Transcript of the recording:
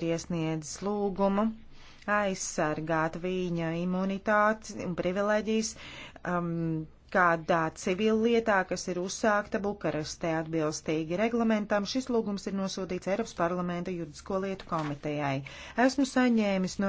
ir iesniedzis lūgumu aizsargāt viņa imunitātes un privileģijas um, kādā civillietā, kas ir uzsākta Bukarestē atbilstīgi reglamentam. Šis lūgums ir nosūtīts Eiropas parlamenta juridisko lietu komitejai. Esmu saņēmis no